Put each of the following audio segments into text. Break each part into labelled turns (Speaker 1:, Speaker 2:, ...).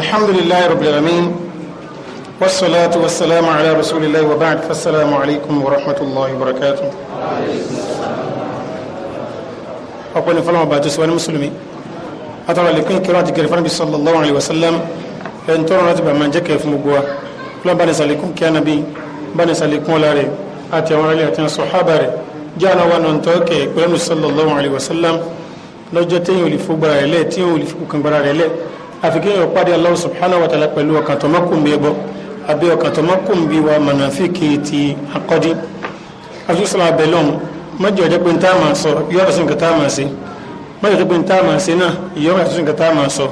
Speaker 1: الحمد لله رب العالمين والصلاة والسلام على رسول الله وبعد فالسلام عليكم ورحمة الله وبركاته أقول فلما بعد سؤال مسلمي أترى لكم كراة كريفان النبي صلى الله عليه وسلم أن ترى نتبع من جك في مقوى فلما بني سالكم كان نبي بني سالكم لاري أتي وعلي أتي صحابة جانا وانتوك كريم صلى الله عليه وسلم لو جتين ولفوق برا إليه تين ولفوق كان برا إليه àfikún yóò pàdé Allah subhanahu wa ta'ala pẹ̀lú ọkàn tó mọ́kùnbí ẹbọ àbí ọkàn tó mọ́kùnbí wa mọ̀nàfíkì ti akọ́dí àfihàn abẹ́lọ́n mọ́jọ ọjọ́ pé ń tá a máa sọ yọ̀rọ̀ sí nǹkan tá a máa ṣe mọ́jọ ọjọ́ pé ń tá a máa ṣe náà yọ̀rọ̀ sí nǹkan tá a máa sọ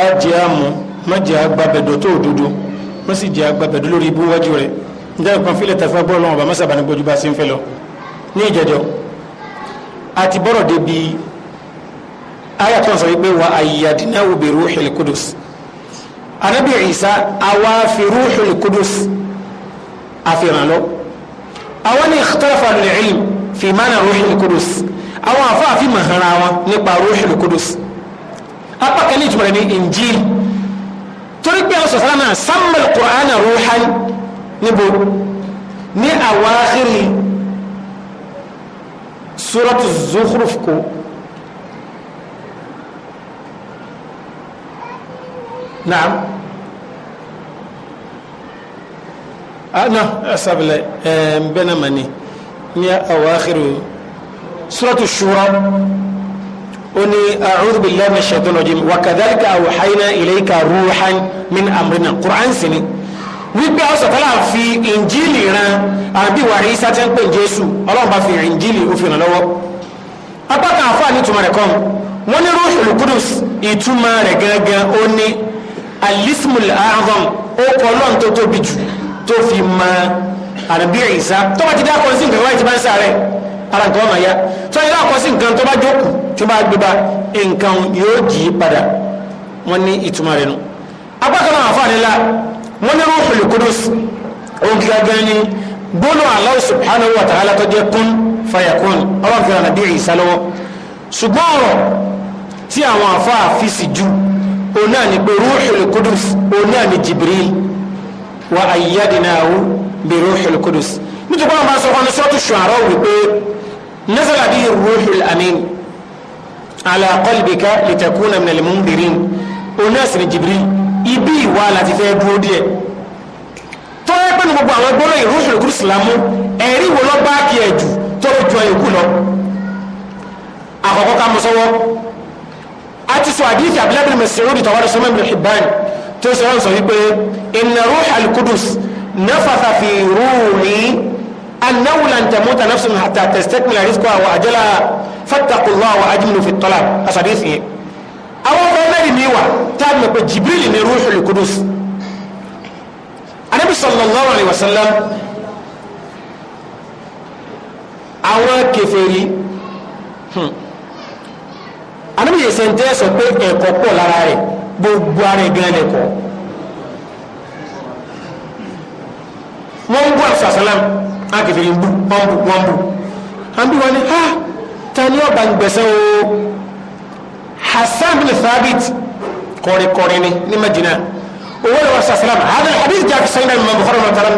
Speaker 1: á jẹ́ àmọ́ mọ́jẹ́ agbábẹ́dọ̀ tó òdodo wọ́n sì jẹ́ agbábẹ́dọ̀ lórí ibú wájú rẹ̀ njẹ́ aya tó ń sọ wípé wa ayyadnahu bi ruhil
Speaker 2: qudus anabi isa awa fi ruhil qudus àfihàn lọ àwọn ikhtalafa al-ilm fi mana ruhil qudus àwọn afáàfi mahara wọn nípa ruhil qudus apá kan ní ìtumọ̀ injil torí pé àwọn sọ̀sọ́lá náà sammal qur'ana ruhan níbo ní àwáhírì suratu zukhruf kò
Speaker 1: naam ana asabila ɛɛ bɛna mani ni awaakiru suratu shura oni a'udhu billahi minash shaitanir rajim wa kadhalika
Speaker 2: awhayna ilayka ruhan min amrina qur'an sini wípé ọ̀sọ̀tọ́lá fi ìnjílì ran àbí wà rí sátẹ́ ń pè jésù ọlọ́run bá fi ìnjílì ó fi ràn lọ́wọ́ apá kan àfáà ní ìtumọ̀ rẹ̀ kan wọ́n ní ruhul qudus ìtumọ̀ rẹ̀ gangan ó ní alismul a'zam ó kọ́ lọ́n tó tóbi jù tó fi mọ àrùbí ìsá tó bá ti dá akọ sí nǹkan wáyé ti bá ń sáré ara nǹkan ọmọ ya tó yẹ akọ sí nǹkan tó bá jókòó tó bá gbé ba nǹkan yóò jì í padà wọn ní ìtumọ̀ rẹ̀ nù. agbákan náà àfa nílá wọn ní ruhul qudus òun kíkà gẹ́gẹ́ ní gbólù wa ta'ala tó kún fayakun ọlọ́run fi hàn àbí lọ́wọ́ ṣùgbọ́n ọ̀rọ̀ tí àwọn àfa fi sì ju òun náà ni pé rúùhùl kudus òun náà ni jibril wa ayyadnahu bi rúùhùl kudus nítorí wọn máa sọ wọn ní sọ́tù ṣùárọ̀ wípé nazala bí rúùhùl amin ala qalbika litakuna minal mundirin òun náà sì ni jibril ibi ìwà láti fẹ́ dúró díẹ̀ tó yẹ pé ní gbogbo àwọn gbọ́dọ̀ rúùhùl kudus làmú ẹ̀rí wo lọ́ bá kí ẹ̀ jù tó lójú ẹ̀yọ̀kú lọ àkọ́kọ́ ká mú sọ́wọ́ àti sọ àdìsí abdullahi masoud tawari sọmọ ibn hibban tó sọ wọn sọ wípé inna ruh al-qudus nafatha fi ruhi annahu lan tamuta nafsun hatta tastakmila rizqaha wa ajalaha fattaqullaha wa ajmilu fi talab àsàdìsí yẹn àwọn ọmọ mẹ́rin mi wà tá a mọ̀ pé jibril ni ruh al anabi sallallahu alayhi wa sallam àwọn kèfèrí. Hmm anábì yẹn sẹ́ńtẹ́ sọ pé ẹ̀kọ́ pọ̀ lára rẹ̀ gbogbo ara ẹ̀ gan lẹ́kọ̀ọ́ wọ́n ń bú àṣàṣàlám àkèfèrè ń bú wọ́n bú wọ́n bú àbí wọn ni ha ah, ta ni ọba ń gbẹ̀sẹ̀ o Hasan bin Thabit kọ̀rìnkọ̀rìn ni ní Madina owó lọ́wọ́ àṣàṣàlám hadal hadith jaabi sẹ́yìn náà mọ̀mọ́ fọ́nrán mọ̀tàrán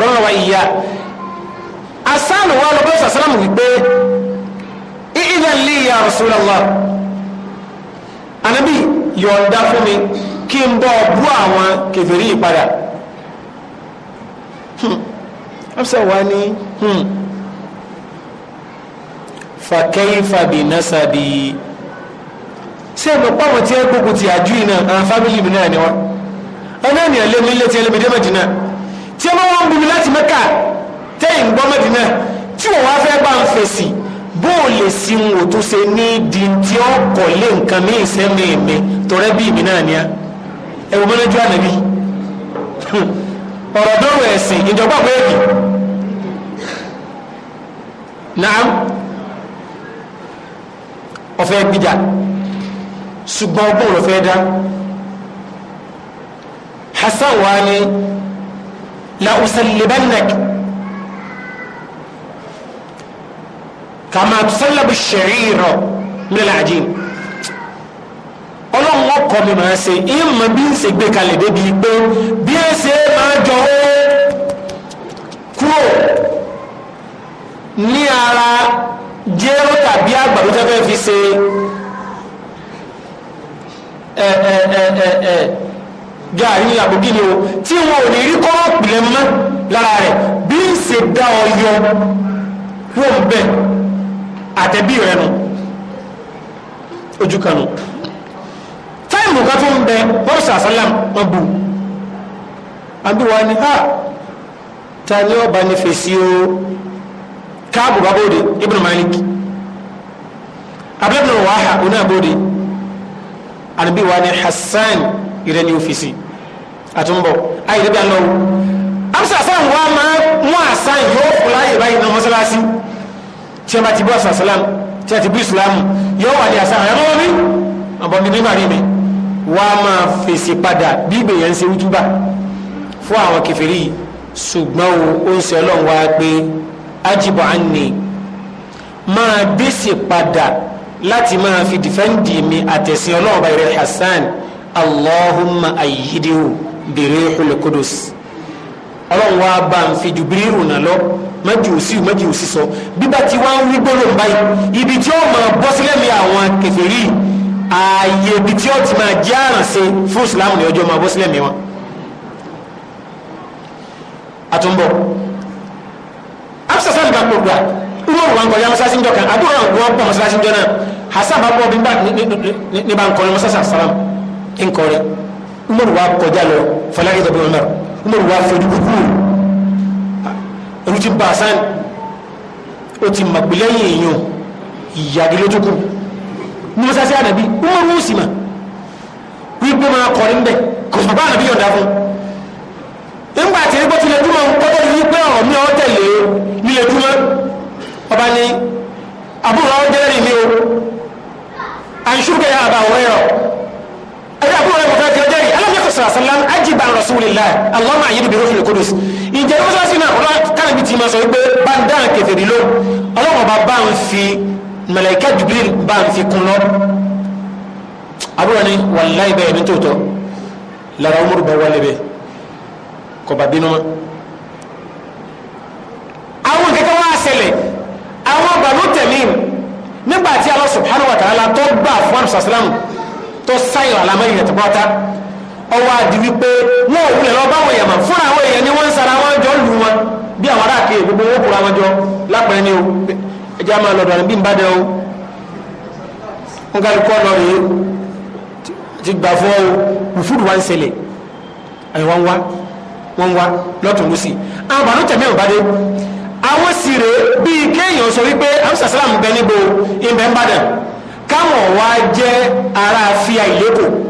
Speaker 2: rọ́nà wa ìyá Hasan wà lọ́wọ́ àṣàṣàlám wípé ìdàn lè ya anabi yọ̀ǹda fún mi kí n bọ́ bú àwọn kèfèrí yìí padà hmm. Hafsa wa ni hmm. fakẹ́yìfà bí nasabi ṣé ẹ̀mọ̀ pàwọn tí ẹ gbógun ti àjú iná àwọn fámìlì mi náà ni wọn ọ̀nà ènìyàn lé mi létí ẹlẹ́mìdé mẹ́dínà tí ẹ bá wọn bú mi láti Mẹ́kà tẹ́yìn gbọ́ mẹ́dínà tí wọ́n wá fẹ́ bá ń fèsì bó o lè sin wò tó ṣe ní di tí ó kọ̀ lé nǹkan mí ìsẹ́mi mi tọrẹ́ bí mi náà ni a ẹ wò mọ́nájú ànábì ọ̀rọ̀ dọ́rọ̀ ẹ̀sìn ìjọba àpò èkì naam ọ̀fẹ́ gbìjà ṣùgbọ́n ọgbọ́n ló fẹ́ dá Hasan wa ni la usalibanak. kàmá tùsẹ́lẹ̀bù ṣẹ̀rí rọ̀ nílẹ̀ àjíǹ ọlọ́run ọkọ̀ mi máa ṣe ìmọ̀ bí ń ṣe gbé kalẹ̀ débi pé bí ẹ ṣe máa jọ ó kúrò ní ara jẹ́rọ tàbí àgbàdo tẹ́ fẹ́ fi ṣe ẹ ẹ ẹ ẹ ẹ gaari abogini o tí wọn ò ní rí kọ́rọ̀ pìlẹ̀ mọ́ lára rẹ̀ bí ń ṣe dá ọ kúrò ń bẹ́ẹ̀ àtẹ̀bí rẹ̀ nù ojú kan nù táìmù kan tó ń bẹ wọ́n sà sálàm wọn bù àbúwá ni ha ah, ta ni ọba ní fèsì o káàbù bá bóde Ibn Malik
Speaker 1: abúlé bìnrin wàhà oní àbóde àdìbí wa ni Hassan ìrẹ́ ní ọ́fíìsì àtúnbọ̀
Speaker 2: ayé lẹ́bí àlọ́wọ́ amsa sálàm wa máa mú àṣà yóò fúláyè báyìí náà mọ́sálásí tí a bá ti bọ́ sàlám tí a ti bú ìsìlámù yóò wà ní àṣà àwọn ọmọ mi ọ̀bọ̀n mi ní màrí mi wà á máa fèsì padà bí ìgbèyàn ń ṣe wútúbà fún àwọn kẹfìrí ṣùgbọ́n ó ń ṣe ọlọ́run wá pé ajibọ̀ á ní máa dẹ́sẹ̀ padà láti máa fi dìfẹ́ǹdì mi àtẹ̀sìn ọlọ́run bá rẹ̀ Hasan Allahumma ayyidihu bi rihul qudus ọlọ́run wa bá ń fi Jùbírù náà lọ mẹ́jì òsì mẹ́jì òsì sọ bíbá tí wọ́n ń rí gbólóhùn báyìí ibi tí ó máa bọ́ sílẹ̀ mi àwọn kèfèrí ààyè ibi tí ó ti máa jẹ́ àrànṣe fún Islam ní ọjọ́ máa bọ́ sílẹ̀ mi wọn. àtúnbọ̀ afisa sáà nígbà gbogbo à irú òrùn wa ń kọjá mọ́sáàsì ń jọkàn àbúrò àwọn ògùn ọgbọ̀n mọ́sáàsì ń jọ náà Hasan bá bọ́ níbà ń kọrin mọ́sáàsì àsálàm ń kọrin umaru wa kọjá lọ fọlá ilé ìwà fèrè kúkú olùtí bàṣán ó ti màgbélẹ́yìn èèyàn ìyàdílójókù ní mọ́sáṣí àdàbí wọ́n mú sí ma wípé máa kọrin ń bẹ̀ kò sì bá àdàbí yọ̀ǹda fún nígbà tí ẹgbẹ́ tilẹ̀ dúmọ̀ ń kọ́tọ́ yìí pé ọ̀rọ̀ mi ọ̀ tẹ̀lé nílẹ̀ dúmọ̀ ọba ni àbúrò ọ̀ jẹ́rìí ni o àìsúkẹ́ àbàwọ̀ ẹ̀rọ ẹ̀yà àbúrò rẹ̀ kọ̀ọ̀kan sallam ajiba rasulillah allahumma ayyidu bi ruhil qudus ìjẹ́ ní mọ́sálásí náà ọlọ́ kánàbí ti máa sọ wípé bá ń dáhùn kẹfẹ́rì ló ọlọ́wọ́n bá bá ń fi màláíkà Jibril bá ń fi kún lọ àbúrò ni wàláì bẹ́ẹ̀ ní tòótọ́
Speaker 1: lára Umaru bá wálé bẹ́ẹ̀ kọba bínú mọ́
Speaker 2: àwọn kẹkẹ wá ṣẹlẹ̀ àwọn Banu Tamim Allah subhanahu wa ta'ala tó gbà fún àmì sàsílámù tó sáyìn àlámẹ́yìn ẹ̀tẹ̀pọ̀ta ọwọ́ àdì wípé wọn ò wulẹ̀ lọ báwọn èèyàn mọ̀ fúnra àwọn èèyàn ni wọ́n ń sara wọn jọ lù wọn bí àwọn ará àkè gbogbo owó kura wọn jọ lápẹ̀rẹ̀ ni o ẹja máa lọ̀dọ̀ ní bí n bá dẹ o nǹkan kọ́ lọ rèé ti gbà fọ́ o òfúrú wa ń ṣẹlẹ̀ ẹ̀ wọ́n wá wọ́n wá lọ́tún lọ́sì àwọn bàánú tẹ̀mí ò bá dé àwọn sì rèé bíi kéèyàn sọ wípé amúsàsálàmù bẹ níbo ìbẹ̀ ń bàdàn káwọn wá jẹ́ ara fíà ìlẹ́kọ̀ọ́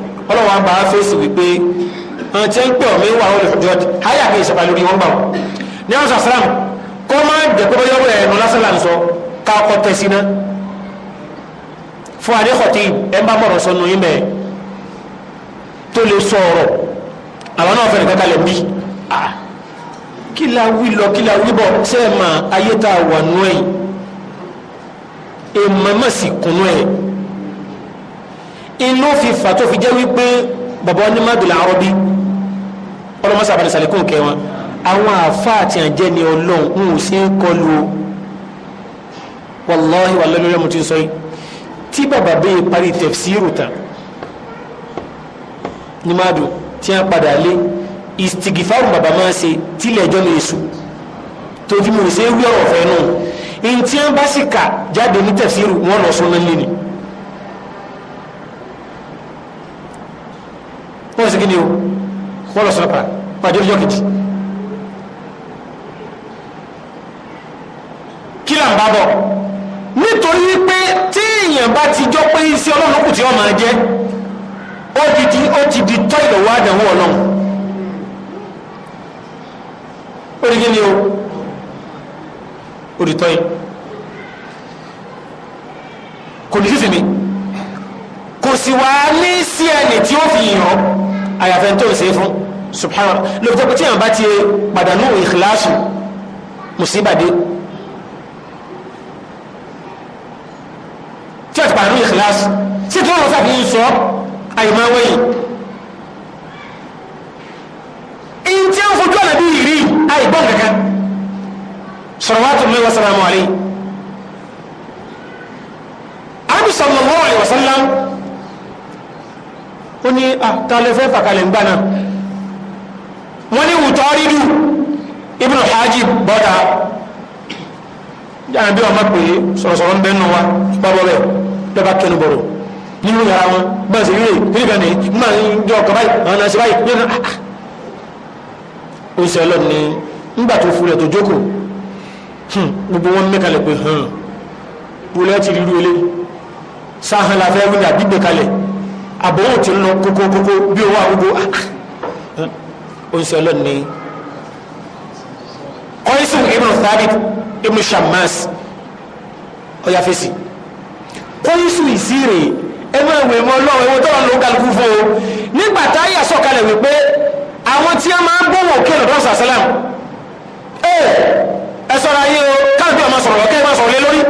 Speaker 2: ọlọ́wọ́ àgbà fèsì wípé àwọn tí ń pè ọ́ mẹ́wàá àwọn olùfọ̀jọ́dì háyà kì í ṣe pàlórí wọn gbà wọn. ní àwọn sàṣàràm kó má jẹ́ pé bóyá ọ̀rẹ́ ẹ̀nu lásán là ń sọ ká ọkọ̀ tẹ̀sí ná. fún adékọ̀tì ẹ̀ ń bá bọ̀rọ̀ sọ nù yín bẹ́ẹ̀ tó lè sọ ọ̀rọ̀ àwọn náà fẹ́rẹ̀ kẹ́kẹ́ lẹ̀ bí. kí la wí lọ kí la wí bọ̀ sẹ́ẹ̀ máa ayé tá a wà nú ẹ̀ èèmọ̀ inú fífa tó fi jẹ́ wípé bàbá onímọ̀dùlá arọ́bí ọlọ́mọsá àbáni sàlékún kẹ wọn àwọn àfa àti àjẹ́ ni ọlọ́run ń ò sí kọlu wàláhi wà lọ́lọ́rẹ́ mo ti sọ yìí tí bàbá bẹ́ẹ̀ parí tẹ̀fsíìrù tán ní má dùn tí wọ́n padà lé ìsìtìgìfàrù bàbá máa ń ṣe tílẹ̀ ẹjọ́ lè sùn tó fi mò ń ṣe é wí ọ̀rọ̀ fẹ́ nù ntí wọ́n bá sì kà jáde ní tẹ̀fsíìrù wọ́n lọ sọ náà lé ni. wọ́n sì kíni o wọ́n lọ sọ́nà pàdé ọjọ́ kejì kí là ń bá bọ̀ nítorí pé tí èèyàn bá ti jọ pé iṣẹ́ ọlọ́run kù tí wọ́n máa jẹ́ ó ti di ó ti di tọ́ ìlọ́wọ́ àdánwò ọlọ́run
Speaker 1: ó rí kíni o ó rí tọ́ kò ní sísìn
Speaker 2: kò sì wá ní sí ẹni tí ó fi yàn àyàfẹ́ tó ń ṣe fún subhanallah lóòótọ́ pé tí yàn bá ti pàdánù ìkìláàsù mùsíbàdé tí a ti pàdánù ìkìláàsù sí tí wọ́n sàfi ń sọ àyèmọ́ wẹ̀yìn in tí ń fojú ọ̀nà bí ìrí àìgbọ́n kankan salawatullahi wa salamu alayhi sallallahu alaihi wasallam ó ní àtàlẹ́ fẹ́ fàkalẹ̀ ńgbà náà wọ́n ní wùtọ́ rídù ibn hajj bọ́dà jáde bí wọn má pè é sọ̀rọ̀sọ̀rọ̀ ń bẹ́ nù wa bọ́bọ́ bẹ́ẹ̀ lọ́ba kẹnu bọ̀rọ̀ nínú yàrá wọn bẹ́ẹ̀ sì rírè kí nìkan nìyí má ń jọ ọkọ̀ báyìí àwọn náà ṣe báyìí ní ọ̀nà ah, ah. ó sẹ́ lọ́ni nígbà tó fúlẹ̀ tó jókòó hmm, gbogbo wọn mẹ́kalẹ̀ pé hàn wọlé ti rírú ilé sáhàn la wíńdà gbígbé kalẹ̀ àbòwò tí ń lọ kókókókó bí owó àwùjọ ó ń sọ ọlọ́run ní kọ́ísùn ibn thabit ibn shammas ọ̀yà fèsì kọ́ísùn ìsírè ẹ máa wè mọ́ ọlọ́run ewu tọ́lọ́ ló kálukú fún o nígbà tá a yà sọ̀kalẹ̀ wípé àwọn tí a máa ń bọ̀wọ̀ kí ọ̀dọ́ sàṣẹ́lẹ̀mù ẹ sọ̀rọ̀ ayé o káàdùn àmọ́ sọ̀rọ̀ lọ́kẹ́ máa sọ̀rọ̀ lé lórí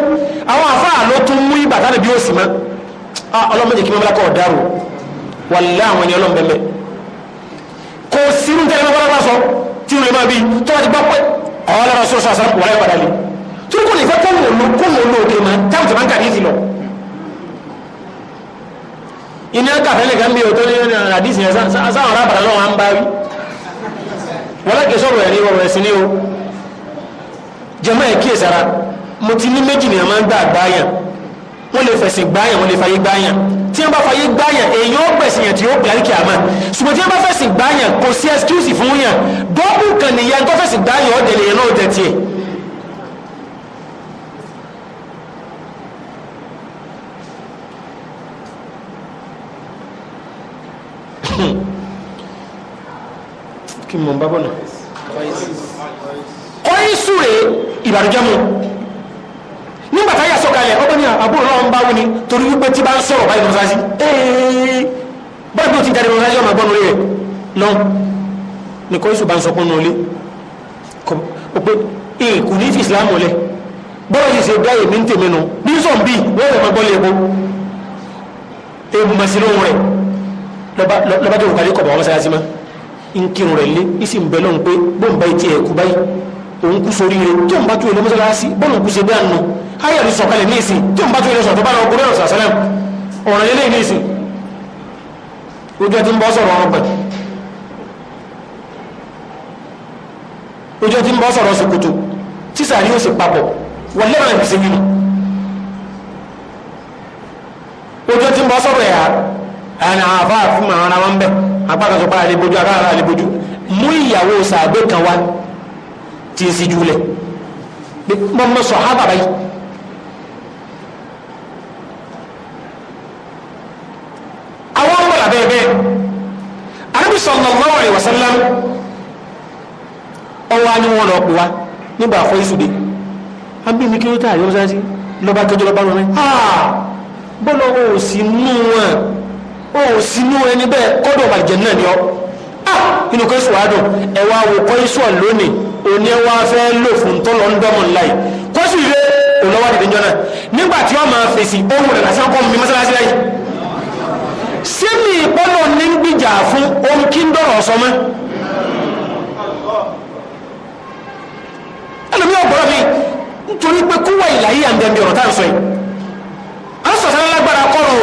Speaker 2: àwọn àfáà ló tún mú ìbàdàn bí Ah, ọlọ́mọdé kí mọ́mọ́lá kọ́ dárò wàlá àwọn ẹni ọlọ́mọdé mẹ́ kò sírun tẹ́lẹ̀ mọ́mọ́lá bá sọ tí ìrìn máa bí tó bá ti gbọ́ pé àwọn alára sọ́sọ́ àṣà wàlá ìpadà lé tó kò lè fẹ́ kó wò ló kó wò ló òkè mọ́ táwọn tẹ̀ máa ń kà ní ìsìn lọ. iná kàfẹ́ nìkan bí òtó ní wọ́n lè fẹ̀sìn gbáyàn wọ́n lè fàyè gbáyàn tí wọ́n bá fàyè gbáyàn èèyàn gbẹ̀sìn yàn tí ó gbàrí kì á mọ̀ ṣùgbọ́n tí wọ́n bá fẹ̀sìn gbáyàn kò sí ẹ́skúsì fún yàn dọ́bù kan nìyẹn tó fẹ̀sìn gbáyàn ọ̀dẹ̀lẹ̀ yẹn náà tẹ̀tì ẹ̀. kí n mọ̀ n bá bọ̀ nà. kọ́yìn sùn rè
Speaker 1: ìbàdújẹ́ mu
Speaker 2: kalẹ̀ ó ní àbúrò náà ń bá wuni torí wípé tí bá ń sọ̀rọ̀ báyìí lọ́sá sí ee báyìí tó ti jáde lọ́sá sí ọmọ ẹ̀gbọ́n rẹ̀ lọ ní kò yíṣu bá ń sọkún nulẹ̀ kò pé ee kò ní fi ìsìlámù lẹ̀ bọ́ọ̀ yìí ṣe dá èmi ń tèmi nu bí sọ̀ ń wọ́n yọ̀ ọmọ ẹ̀gbọ́n ebu masinu rẹ̀ lọ́ba tó kọ̀ bọ̀ ọmọ sáyásí ma ń kírun rẹ̀ lé ìsìn bẹ́ẹ̀ lọ́n pé bóun bá ti ẹ̀kú báyìí òun kú sórí rẹ̀ a ń bá tó ilé mọ́sálásí bọ́ọ̀lù kú ṣe bí ha ayé mi sọ̀kalẹ̀ ní ìsìn bá ilé bá ní ìsìn ojú ń bọ́ sọ̀rọ̀ ọ̀rọ̀ ojú ń bọ́ sọ̀rọ̀ tí sàrí ó sì papọ̀ wọ́n lẹ́rọ̀ ẹ̀ nínú ojú ẹ ń bọ́ sọ̀rọ̀ ẹ̀ àná àfa àfihàn ara wọn tí ń síjú lẹ̀ mọ́ mọ́ sọ ha bàbá yìí àwọn ọmọ làbẹ́ bẹ́ẹ̀ Ànábì sallallahu alaihi wasallam ọwọ́ á ní wọn lọ pè wá nígbà àfọ ìsùdè á bí mi kí ló tà àyọ́ sáyẹ́sì lọ́ba kẹjọ lọ́ba lọ́mọ bọ́lọ̀ o ò sí mú wọn o ò mú ẹni bẹ́ẹ̀ kọ́dọ̀ ọ̀bàjẹ́ náà ni ọ́. Ah, inú kó sùn wá dùn ẹ̀wà àwòkọ́ iṣu lónìí òní ẹ̀wà fẹ́ lò fún tọ́lọ̀ ń dọ́mọ̀ ńlá yìí kó sì ré òlọ́wọ́ dìde jọ náà nígbà tí wọ́n máa fèsì ohun rẹ̀ lásán kọ́ mi mọ́sálásí láyìí sẹ́mi ìpọ́nà ní ń gbìjà fún ohun kí ń dọ̀rọ̀ sọmọ́ ẹlòmí ọ̀gbọ́rọ̀ mi nítorí pé kúwà ìlàyé àǹdẹ̀mí ọ̀rọ̀ tá à ń sọ yìí a sọ̀sán lágbára kọ́rọ̀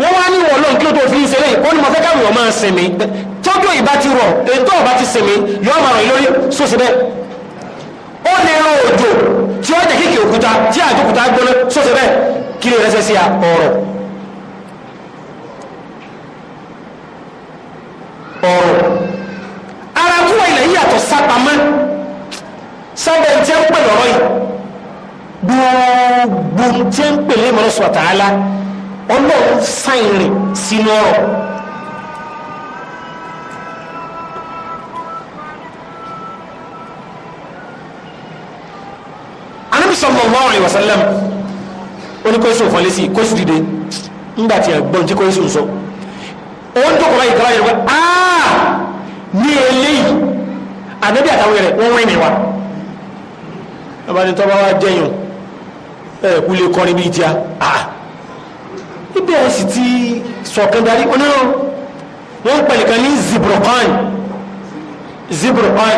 Speaker 2: wọ́n wá ní wọ̀ lóhun kí ó tó fi ń ṣeré ó ní mo fẹ́ káwé ọmọ sinmi tọ́jú ìbá ti rọ̀ ètò ọba ti sinmi yọ ọmọ rìn lórí sóṣì bẹ́ẹ̀ ó lè ro òjò tí ó jẹ́ kíkì òkúta tí àjòkúta gbóná sóṣì bẹ́ẹ̀ kí lè rẹ́sẹ̀ sí a ọ̀rọ̀ ọ̀rọ̀ ara kúwà ilẹ̀ yìí yàtọ̀ sápamọ́ sábẹ́ tí ó ń pè lọ́rọ̀ yìí ọlọ́run sáìn rẹ̀ sínú ọ̀rọ̀ Ànábì sallallahu alaihi o oníkóyísò fọ́n lésì kóyísò dìde ńgbà tí ẹ̀gbọ́n tí kóyísò ń sọ òun tó kọ̀ọ̀rọ̀ ìkọ́lá yorùbá áà ní eléyìí Ànábì àtàwọn rẹ̀ wọ́n wọ́n ìmìwà ẹ̀bá ni wa jẹ́yìn ẹ̀kú lè kọrin bíi tíá áà ibẹ̀ sì ti sọ̀kan darí oníná wọ́n pẹ̀lú kan ní zibrokan zibrokan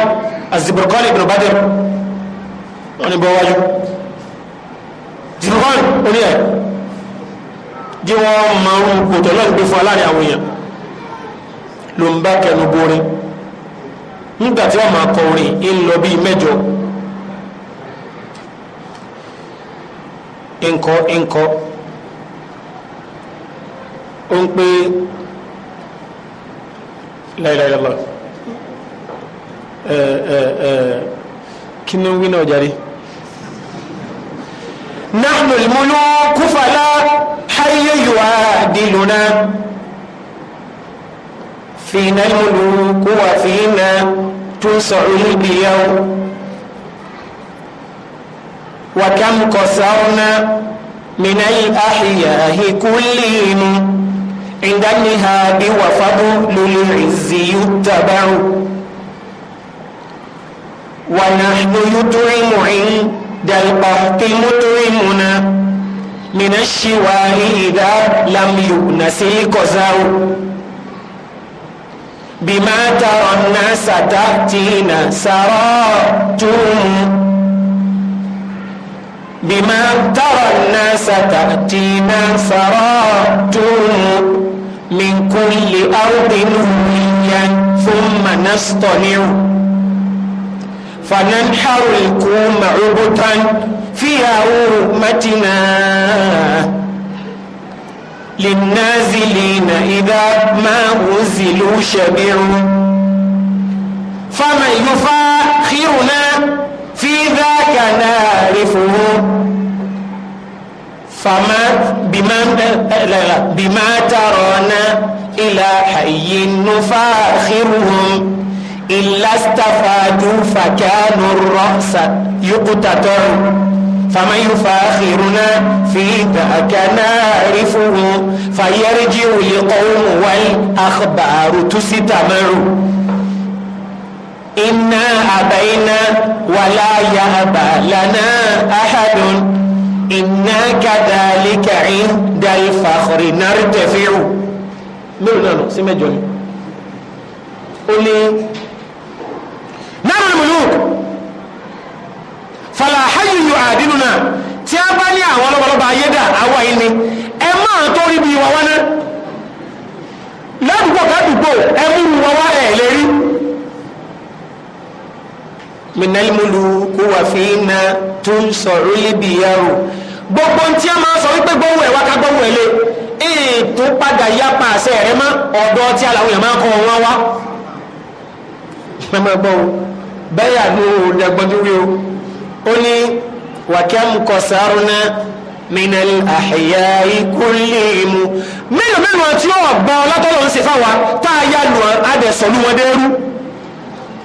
Speaker 2: azibrokan ibn badr wọ́n ní bọ́ wájú zibrokan oní ẹ̀ jẹ́ wọ́n máa ń kò tọ́lọ́ ìgbé fún aláàrin àwọn èèyàn ló ń bá kẹnu borin nígbà tí wọ́n máa kọ orin ń lọ bíi mẹ́jọ ńkọ́ ńkọ́
Speaker 1: ó ń pé láìláìlọ́lọ́ kí ni wí náà jáde nahnu
Speaker 2: al-muluku fala hayya yu'adiluna fina al-muluku wa fina tunsa'u al-biyaw wa kam qasarna min al-ahya'i kullihim عند اللهاب وفضل العز يتبع ونحن يطعم عند القحط مطعمنا من الشواء إذا لم يؤنس الكزع بما ترى الناس تأتينا سراتهم بما ترى الناس تأتينا سراتهم من كل أرض هويا ثم نصطنع فننحر الكوم عبطا فيها أمتنا للنازلين إذا ما غزلوا شبعوا فمن يفاخرنا في ذاك نعرفه فما بما لا لا بما ترون إلى حي نفاخرهم إلا استفادوا فكانوا الرأس يقتطع فمن يفاخرنا في ذاك نعرفه فيرجع القوم والأخبار تستمع إنا أبينا ولا يأبى لنا أحد inna kadhalika indal fakhri nartafi'u mélòó náà nù sí mẹ́jọ ni ó lé náà lónìí muluk fala hayyu yu'adiluna tí a bá ní àwọn ọlọ́bọlọ́bọ ayédà àwa yìí ni ẹ máa tó rí bí wa náà ládùúgbò kádùúgbò ẹ múru wa wá ẹ̀ lérí minalmulu kúwà fínà tó ń sọ̀rọ̀ lébi yàrá gbogbo tí a máa sọ wípé gbóhùn ẹ̀ wá ká gbóhùn ẹ̀ lé ètò padà yá pa àṣẹ rẹ mọ́ ọ̀dọ́ tí aláwọ̀ yẹn máa kọ́ wọn wá. mẹ́mọ́ gbọ́ o bẹ́ẹ̀ àdó òdàgbọ́dúrí o ó ní wàkẹ́m kọ̀sáró náà minal àhẹ́yà ikú léèmú mélòó mélòó tí ó gbọ́ ń ṣe fáwa tá a yá lù ọ́ wọn dẹ́rú.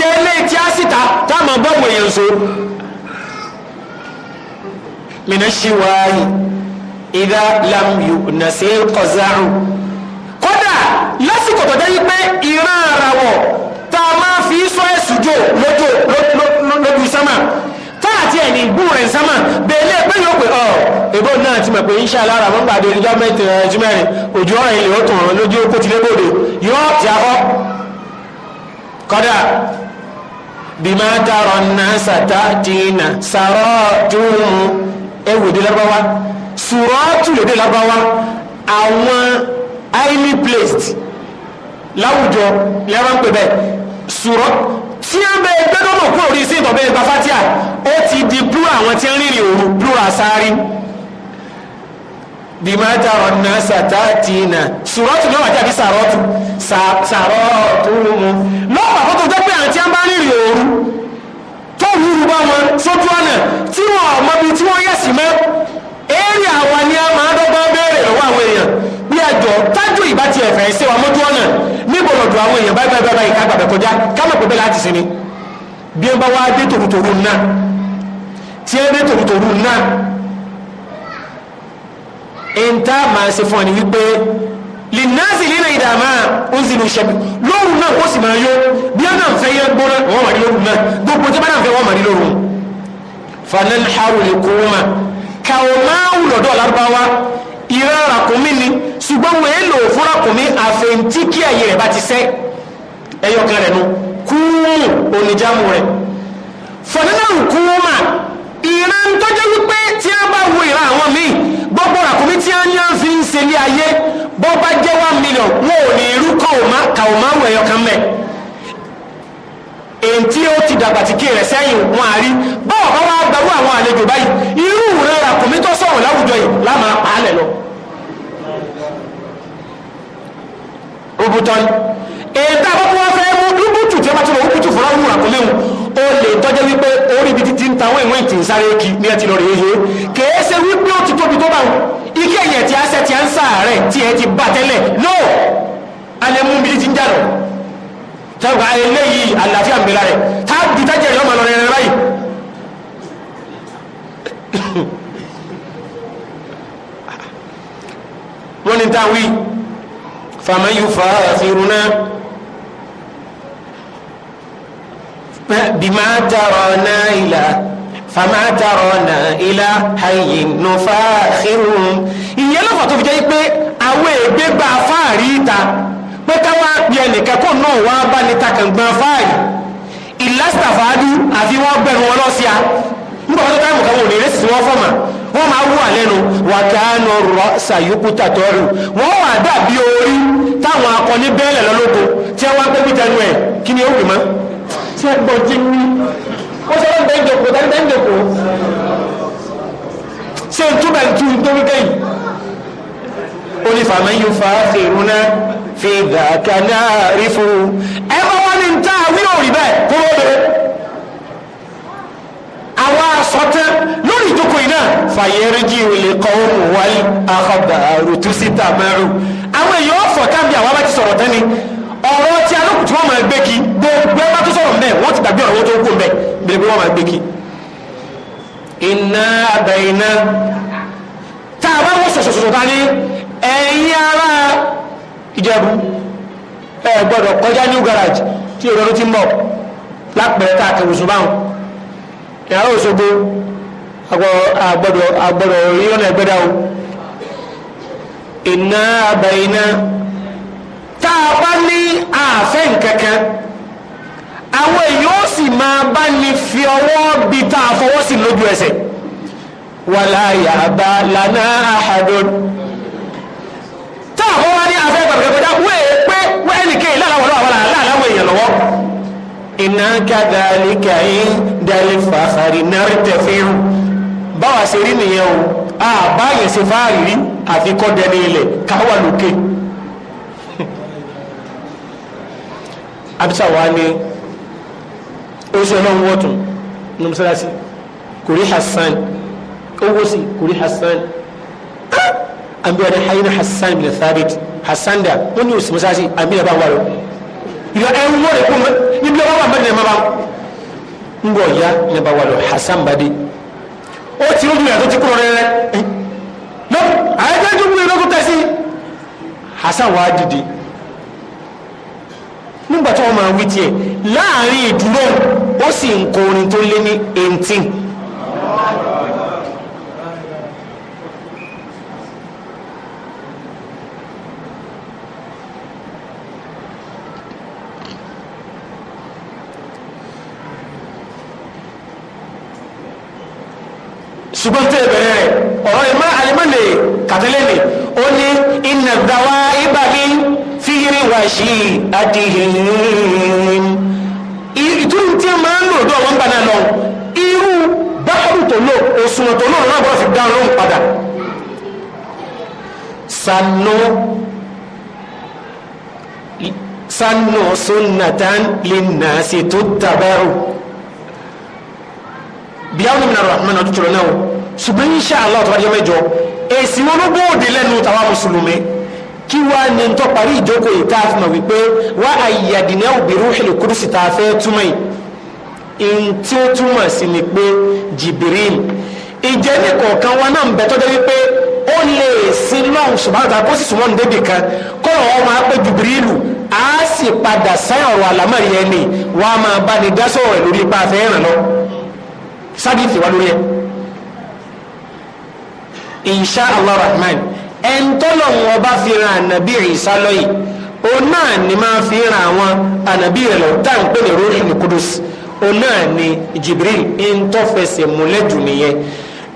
Speaker 2: oúnjẹ ilé tí a sì ta táàmù bọ́ọ̀mù èèyàn so mìíràn ṣì wáyé ìdá lamyu nàṣẹ́ kọ̀záàrù kódà lásìkò tó jẹ́ pé ìran ara wọ̀ tá a máa fi sọ ẹ̀sùn jò lójú lójú sámà tá àti ẹ̀yìn gbúrò rẹ̀ sámà bẹ́ẹ̀lẹ́ pé yóò pé ọ̀ èbó náà ti mọ̀ pé iṣẹ́ alára wọn gbàdé ìjọ mẹ́tẹ̀ ẹ̀jú mẹ́rin òjò ọ̀rọ̀ ilẹ̀ ó tàn lójú ó kó tilé bòde yóò ti akọ́ kódà bima tara nasa ta'tina sàrọ́ọ̀tù ewèdè lọ́bàwá sùrọ́ọ̀tù lèdè lọ́bàwá àwọn highly placed láwùjọ lẹ́wọ́n pè bẹ́ẹ̀ sùrọ́ tí a bẹ gbẹ́dọ̀mọ̀ kúrò rí sí ìtọ̀bẹ̀ ìgbafátíà ti di plural àwọn tí ń rìnrìn òru plural Surat ọ̀nà sàtàtìnà sùrọ́tù ní ọ̀wà tàbí sàrọ́tù sàrọ́tù mu lọ́wọ́ àkótó tó pé àti àbá rírì ooru tó wúru bá wọn sójú ọ̀nà tí wọn ọmọ bíi tí wọn yẹ sí mọ́ eré àwa ni a do máa dọ́gba béèrè lọ́wọ́ àwọn èèyàn bí àjọ tájú ìbá ti ẹ̀fẹ̀ ṣe wà mọ́jú ọ̀nà níbo lọ́dọ̀ àwọn èèyàn báyìí báyìí báyìí ká gbàgbẹ́ kọjá ká mọ̀ pé bẹ́ẹ̀ láti sinmi bí ẹ bá wá dé tòrútòrú náà tí ẹ dé tòrútòrú náà ìntà máa ṣe fún ọ ní wípé lìnàásì lílà ìdààmú òsìlú ṣẹbi lóòrùn náà ó sì máa yó bí ọ náà fẹ́ yẹ gbóná wọn màrí lóòrùn náà gbogbo tí wọn náà fẹ́ wọn màrí lóòrùn. fanan haruli kuma kàwọn máa ń lọ́dọ̀ lárúbáwá ìran ràkúnmí ni ṣùgbọ́n wọn èèlò fún ràkúnmí kí ayé rẹ̀ bá ti sẹ́ ẹyọkan rẹ̀ nu kúùmù oníjàmù rẹ̀ fanan kúùmà ìran tọ́jú wípé tí a bá wo ìran àwọn míì gbogbo ràkúnmí tí wọ́n ní à ń fi ń ṣe ilé ayé bọ́ bá jẹ́ one million wọn ò ní irú kàwọ́máwọ̀ ẹ̀yọ kan mẹ́ èyí ó ti dàgbà tí kí rẹ̀ sẹ́yìn wọn à rí bọ́ọ̀ bá wá gbarú àwọn àlejò báyìí irú rẹ̀ ràkúnmí tó sọ̀rọ̀ láwùjọ yìí lámà pàálẹ̀ lọ. rúbútọ́ni èyí tá wọn fẹ́ mú rúbútù tí a bá tún lọ rúbútù fúnra wù ràkúnmí wọn ó lè tọ́jú wípé orí ibi títí ń ta wọ́n ìwọ̀n ẹ̀ tí a sẹ́ tí a ń sàárẹ̀ tí ẹ ti bá tẹ́lẹ̀ no alẹ́ mú bíi ti ń jàdọ̀ tẹ́gbà eléyìí àlàáfíà ń bẹ̀rẹ̀ tá a dùn tájẹ̀ yọmọ lọ rẹ̀ báyìí. wọ́n ní tá a wí fàmáyù fà á fi runa. بما ترانا fama tarona ila hayi nufa xirun ìyẹn lọ́fà tó fi jẹ́ pé àwọn ègbé gba fáàrí ta pé káwá pe ẹnìkan kó náà wá bá ní takàngbọ̀n fáàrí ìlàsítàfàádú àfi wọ́n bẹ̀rù wọn lọ́síà nígbà wọn tó táyà mọ̀kàn wọn ò ní rẹ́sì wọn fọ́mà wọ́n máa wú àlẹ́nu wàkàánù rọ sàyókùtà tọ́rù wọ́n wà dàbí orí táwọn akọni bẹ́ẹ̀lẹ̀ lọ́lọ́kọ tí wọ́n á gbẹ́gbẹ́ tẹnu ẹ̀ kí ni ó wù mọ́ tí jẹ́ ní ó sọ lọ́dún tẹ́ǹjẹ̀ kò tẹ́ǹjẹ̀ tẹ́ǹjẹ̀ kò ṣe ìtumọ̀ ìtumọ̀ nítorí kẹ́yìn ó ní fàmí yóò fa fèrún náà fi dàkà náà rí fún un ẹ bá wọn ní ta wí òrì bẹ́ẹ̀ kúrò lóore àwa sọtẹ lórí ìjókòó iná fàyẹrẹjì olè kọ ohun wáyé àkàbà àrùtú síta mẹrù àwọn èèyàn ọ̀fọ̀ káàbí àwọn bá ti sọ̀rọ̀ tẹ́ni ọ̀rọ̀ tí alókùtù wọn máa gbé kí gbogbo ẹ bá tó sọ̀rọ̀ mẹ́ wọ́n ti gbàgbé ọ̀rọ̀ wọn tó kú mẹ́ bí wọ́n máa gbé kí iná abẹ iná tá a bá wọ́n sọ̀sọ̀sọ̀ ta ní ẹ̀yin ara ìjẹ̀bú ẹ gbọ́dọ̀ kọjá new garage tí ìrọ̀lú ti ń bọ̀ lápẹ̀rẹ̀ tá a kẹwù sùn báwọn ìyàrá Òṣogbo àgbọ̀dọ̀ àgbọ̀dọ̀ ìrọ̀lú ẹgbẹ́dá o iná abẹ iná tá a bá ní ààfẹ́ nkankan àwọn èèyàn ó sì máa bá ní fi ọwọ́ bí tá a fọwọ́ sí lójú ẹsẹ̀ wàlá yàbá lànà àhàdùn tá a fọwọ́ ní afẹ́ gbàgbẹ́gbẹ́dá wéé e pé wẹ́ẹ̀nìkẹ́ ìlànàwọ̀lọ́ àwọn aláàláwọ̀ èèyàn lọ́wọ́ iná kàdálíkà yín dalí fàfàrí náà tẹ̀fẹ́rù báwa ṣe rí nìyẹn o àbáyẹ̀ ṣe fáàrí rí àfikọ́ dẹni ilẹ̀ káwà lókè abisa ni ó sì ọlọ́run wọ́tún ní mọ́sálásí kò rí Hassan owó sí kò Hassan àbí ọ̀dẹ hayina Hassan bin Thabit Hassan dà wọ́n ní òsì mọ́sálásí àbí ẹ̀ bá wà lọ ìlọ ẹ̀ ń wọ́n rẹ̀ kó ibi ọwọ́ bá bẹ̀rẹ̀ máa bá ń bọ̀ ya ẹ̀ bá wà lọ Hassan bá dé ó ti ó dùn ẹ̀ ti kúrò rẹ̀ rẹ̀ lọ́pọ̀ àyẹ̀kẹ́ tó kúrò lọ́kọ̀ tẹ̀sí Hassan wà á dìde nígbà tí wọ́n máa wí tiẹ̀ láàrin ìdúró ó sì ń kọ orin tó lé ní eighteen. ṣùgbọ́n tẹ́ bẹ̀rẹ̀ ọ̀rọ̀ ìmọ̀ àlìmọ́ lè ni ó ní inna dawa khashiatihim ìtumù tí a máa ń lò dọ́ wọn gbaná lọ irú báàrù tó lò òṣùwọ̀n tó lò náà bọ́ fi dá lóhùn padà sanu sanu sunnatan linnasi tuttabaru bí àwọn ènìyàn rahman ọdún tó lọ náà ṣùgbọ́n insha Allah tó bá mẹ́jọ èsì wọn ló bóòdì lẹ́nu tàwa mùsùlùmí kí wá ní tó parí ìjókòó yìí tá a fi mọ̀ wípé wá àyàdìní àwòbírú ìlú kúrúsì tá a fẹ́ túmọ̀ yìí tí ó túmọ̀ sí ni pé jìbìrín ìjẹ́ ní kọ̀ọ̀kan wa náà ń bẹ tọ́jú wípé ó lè sin lọ́hùn ṣùgbọ́n àtàkùn kó sì súnmọ́ débì kan kọ́ ọ̀hún máa pé jùbìrìlù á sì padà sáyà ọ̀rọ̀ àlámọ̀rí ẹ̀ ni wà á máa bá ní dásọ̀rọ̀ ẹ̀ lórí ipa àfẹ́ rahman ẹ̀ńtọ́lọ̀ wọn bá fi ran ànàbí Ìsá lọ́yìn òun náà ni máa fi ran àwọn ànàbí rẹ̀ lọ tá à ń pè ní Ruhul Qudus òun náà ni Jibril ẹ̀ńtọ́fẹsẹ̀ múlẹ́jù nìyẹn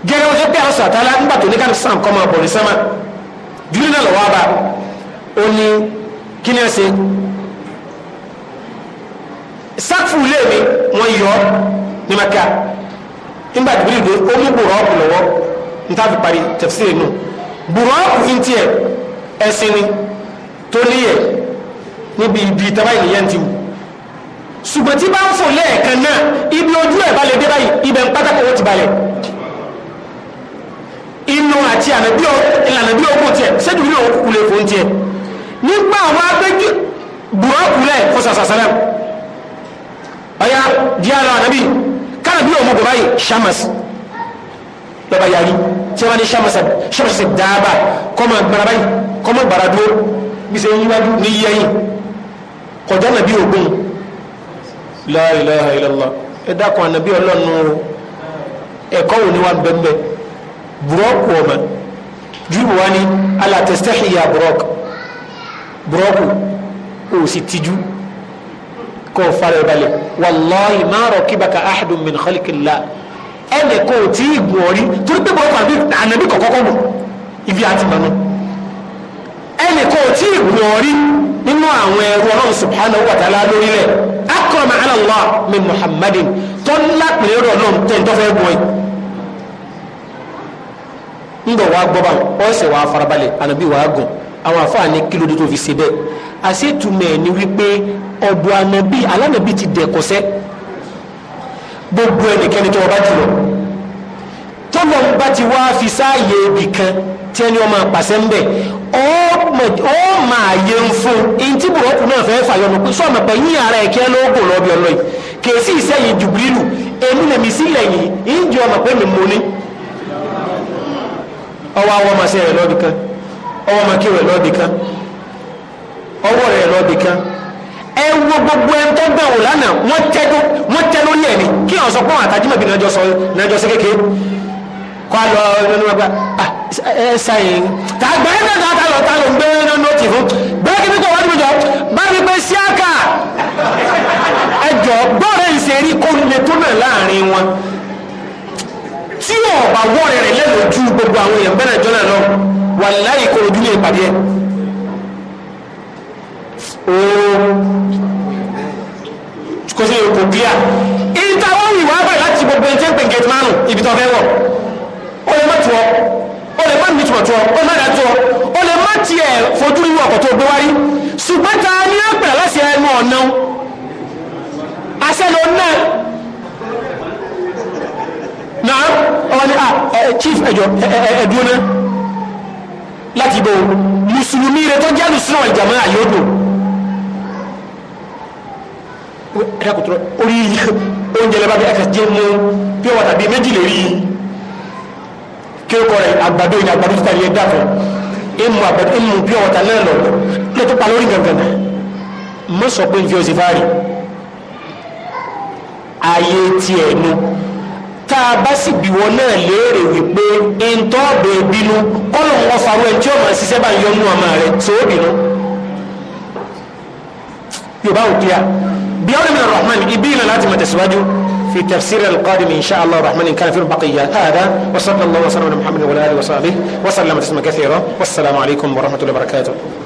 Speaker 2: gẹ́gẹ́ wọ́n ṣe pé àwọn sàtálá nígbà tó ní ká sàn kọ́ máa bọ̀ ní sẹ́mà jùlọ náà lọ́wọ́ bá ó ní kí ni ẹ ṣe sáfù ilé mi wọ́n yọ ní maka nígbà Jibril dé ó gbòòrò fi nù. No buraaku in tiẹ̀ ẹ̀sìn ni torí ẹ̀ níbi ibi taba ènìyàn ti wù ṣùgbọ́n tí bá ń fò lẹ́ẹ̀kan náà ibi ojú ẹ̀ balẹ̀ dé báyìí ibẹ̀ ń pátákó owó ti balẹ̀ inú àti ìlànà bí ogun tiẹ̀ ṣẹ́jú ní òun kúkú lè fò ń tiẹ̀ nígbà wọn abẹ́jú buraaku lẹ̀ fọ́sàsàsàlẹ̀ ọ̀yá díẹ̀ lọ ànábì kánàbí òun báyìí shamas bàbá yarí tí wọ́n ní sàmàsì dáàbà kọ́mọ gbàrà báyìí kọ́mọ
Speaker 1: gbàrà dúró bí sẹ́yìn yíwájú ní yẹ́yìn kọjá nàbí ògùn la ilaha illallah ẹ dákun ànàbí ọlọ́nu ẹ̀kọ́ òní wa bẹ́ẹ̀ burọ́kù ọ̀mà júbù wa ni alàtẹ̀sítẹ́hìyà burọ́kù
Speaker 2: burọ́kù ó sì tijú kọ́ fara balẹ̀ wallahi ma min khalqillah ẹnìkan ò tí ì gùn ọ torí pé bọ́ọ̀fà bí ànábì kọ̀kọ́kọ́ mọ̀ ibi àti mọ̀nà ẹnìkan ò tí ì gùn ọ nínú àwọn ẹrú ọlọ́run ala min muhammadin tó lápẹ̀lẹ́ rẹ̀ ọlọ́run tẹ̀ ń tọ́fẹ́ gbọ́ yìí ńgbọ̀ wá gbọ́ báwọn wá farabalẹ̀ wá gùn àwọn tó fi ṣe gbogbo ẹnikẹ́ni tó ọba jùlọ tọ́lọ̀ ń bá ti wá fi sáàyè ibì kan tí ẹni ọmọ àpàṣẹ ń bẹ̀ ó máa yẹ ń fún in tí burúkú náà yín ara ẹ̀kẹ́ lóògùn lọ́bí ọlọ́yìn kèsì ìsẹ́yìn jùbìrìlù èmi lèmi sílẹ̀ yìí ìjọ ọmọ pé mi mú ẹ wo gbogbo ẹni tó gbẹ̀wò lánàá wọ́n tẹ́dó wọ́n tẹ́ lórí ẹ̀ ni kí ọ̀sán pọ́n àtàjímọ̀ bí nàjọ sọ nàjọ sí kékeré kọ́ lọ nínú ọgbà ah, ẹ sàyìn tàgbà ẹ náà ta lọ ta lọ gbé náà nọ́ọ̀tì fún bẹ́ẹ̀ kí nítorí wọ́n ti jọ bá mi pé síákà ẹ jọ bọ́ọ̀rẹ́ ìṣerí kó lè tó náà láàrin wọn tí ọ̀bà wọ́ọ̀rẹ́ rẹ̀ lẹ́nu ju gbogbo àwọn èèyàn bẹ́ẹ̀ náà jọ náà lọ wàláyé kò ojú lè pàdé ẹ̀ kò sí kò bíà ìta wọn wì wá báyìí láti gbogbo ẹni tí ń pè gẹ̀ẹ́tì márùn ibi tó fẹ́ wọ̀ ó lè má tu ọ ó lè má nítumọ̀ tu ọ ó lè má dá tu ọ ó lè má tiẹ̀ fojú rí ọkọ̀ tó gbé wárí ṣùgbọ́n ta ni á pè láti ẹnu ọ̀nà àṣẹ lọ náà náà ọ̀rọ̀ ni chief ẹ̀jọ̀ ẹ̀dúró náà láti bò mùsùlùmí rẹ tó jẹ́ lùsùlùmí ìjàmọ́ àyọ̀dọ̀. ẹ̀dá kò tọrọ orí oúnjẹ lẹ́bàá bí ẹ̀ka jẹ́ mú bí ọ̀wà tàbí méjì lè rí kí ó kọ rẹ̀ àgbàdo ìyá àgbàdo títà yẹn dáfẹ́ ìmú àgbàdo ìmú bí ọ̀wà tà náà lọ ló tó pa lórí gangan mọ́ sọ pé nfi ọ̀sìn fáàrí ayé tiẹ̀ nu tá a bá sì bí wọn náà léèrè wípé ntọ́ bẹ̀ bínú kọ́lọ̀ wọn farú ẹ̀ tí ó máa ṣiṣẹ́ bá yọnu ọmọ rẹ̀ tó bínú yorùbá ò kíá. بأول من
Speaker 1: الرحمن يبين لازم تسواجه في تفسير القادم إن شاء الله الرحمن إن كان في البقية هذا وصلى الله وسلم على محمد وعلى آله وصحبه وسلم تسليما كثيرا والسلام عليكم ورحمة الله وبركاته